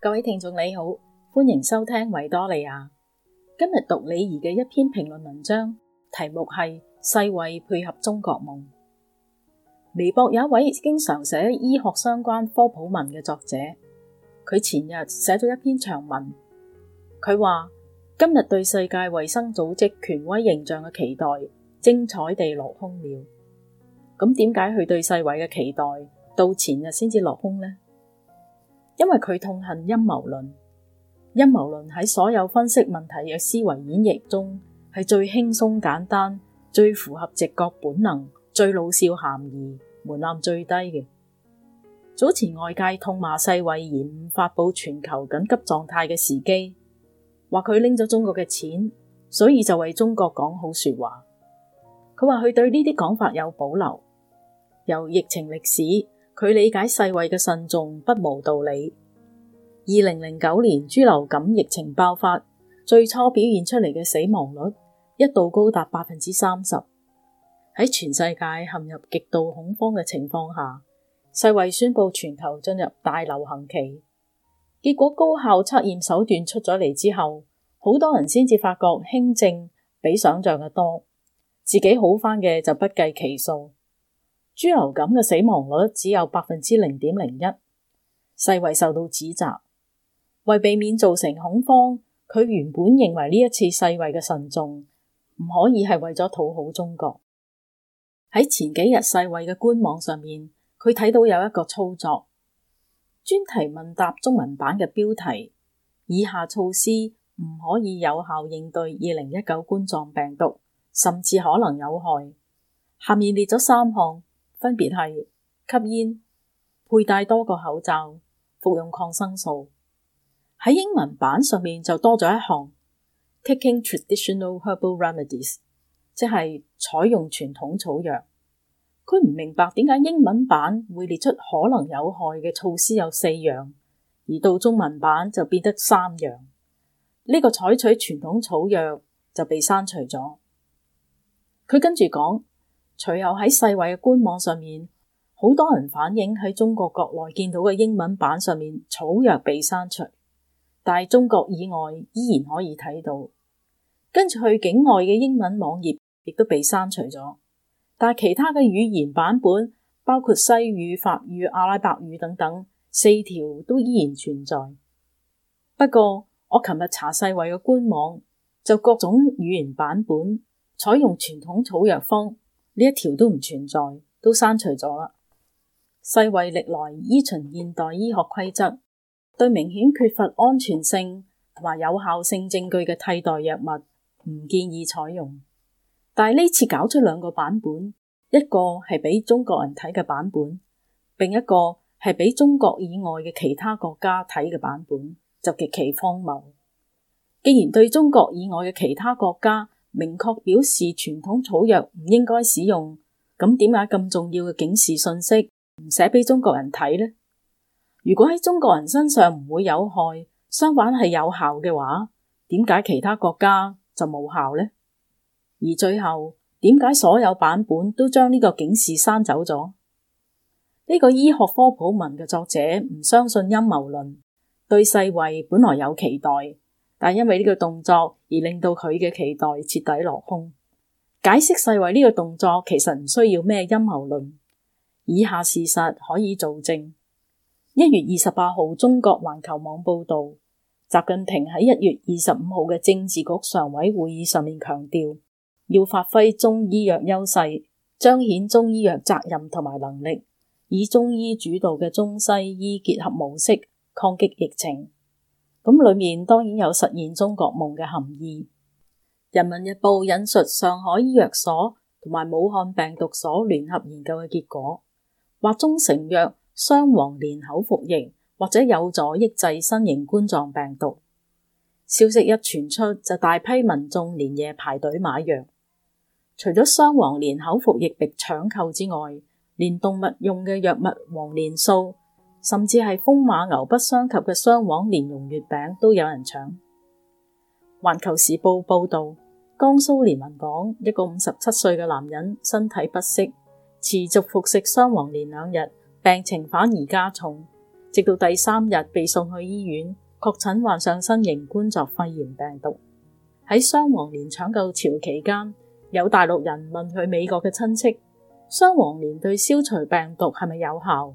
各位聽眾你好，歡迎收聽維多利亞今日讀李怡嘅一篇評論文章，題目係世衛配合中國夢。微博有一位經常寫醫學相關科普文嘅作者，佢前日寫咗一篇長文，佢話今日對世界衛生組織權威形象嘅期待，精彩地落空了。咁點解佢對世衛嘅期待到前日先至落空呢？因為佢痛恨陰謀論，陰謀論喺所有分析問題嘅思維演繹中係最輕鬆簡單、最符合直覺本能、最老少咸宜、門檻最低嘅。早前外界痛罵世衛延誤發佈全球緊急狀態嘅時機，話佢拎咗中國嘅錢，所以就為中國講好說話。佢話佢對呢啲講法有保留，由疫情歷史。佢理解世衛嘅慎重不無道理。二零零九年豬流感疫情爆發，最初表現出嚟嘅死亡率一度高達百分之三十。喺全世界陷入極度恐慌嘅情況下，世衛宣布全球進入大流行期。結果高效測驗手段出咗嚟之後，好多人先至發覺輕症比想象嘅多，自己好返嘅就不計其數。豬流感嘅死亡率只有百分之零點零一，世衛受到指責。為避免造成恐慌，佢原本認為呢一次世衛嘅慎重唔可以係為咗討好中國。喺前幾日世衛嘅官網上面，佢睇到有一個操作專題問答中文版嘅標題：以下措施唔可以有效應對二零一九冠狀病毒，甚至可能有害。下面列咗三項。分別係吸煙、佩戴多個口罩、服用抗生素。喺英文版上面就多咗一項，taking traditional herbal remedies，即係採用傳統草藥。佢唔明白點解英文版會列出可能有害嘅措施有四樣，而到中文版就變得三樣。呢個採取傳統草藥就被刪除咗。佢跟住講。隨後喺世衛嘅官網上面，好多人反映喺中國國內見到嘅英文版上面草藥被刪除，但係中國以外依然可以睇到。跟住去境外嘅英文網頁亦都被刪除咗，但係其他嘅語言版本，包括西語、法語、阿拉伯語等等，四條都依然存在。不過我琴日查世衛嘅官網，就各種語言版本採用傳統草藥方。呢一條都唔存在，都刪除咗啦。世衛歷來依循現代醫學規則，對明顯缺乏安全性同埋有效性證據嘅替代藥物唔建議採用。但係呢次搞出兩個版本，一個係俾中國人睇嘅版本，另一個係俾中國以外嘅其他國家睇嘅版本，就極其荒謬。既然對中國以外嘅其他國家明確表示傳統草藥唔應該使用，咁點解咁重要嘅警示信息唔寫俾中國人睇呢？如果喺中國人身上唔會有害，相反係有效嘅話，點解其他國家就冇效呢？而最後點解所有版本都將呢個警示刪走咗？呢個醫學科普文嘅作者唔相信陰謀論，對世衛本來有期待。但因為呢個動作而令到佢嘅期待徹底落空。解釋世衛呢個動作其實唔需要咩陰謀論，以下事實可以做證：一月二十八號，中國環球網報道，習近平喺一月二十五號嘅政治局常委會議上面強調，要發揮中醫藥優勢，彰顯中醫藥責任同埋能力，以中醫主導嘅中西醫結合模式抗擊疫情。咁裏面當然有實現中國夢嘅含義。《人民日報》引述上海醫藥所同埋武漢病毒所聯合研究嘅結果，指中成藥雙黃連口服液或者有助抑制新型冠狀病毒。消息一傳出，就大批民眾連夜排隊買藥。除咗雙黃連口服液被搶購之外，連動物用嘅藥物黃連素。甚至係風馬牛不相及嘅雙黃蓮蓉月餅都有人搶。環球時報報道，江蘇連雲港一個五十七歲嘅男人身體不適，持續服食雙黃連兩日，病情反而加重，直到第三日被送去醫院，確診患上新型冠狀肺炎病毒。喺雙黃連搶救潮期間，有大陸人問佢美國嘅親戚，雙黃連對消除病毒係咪有效？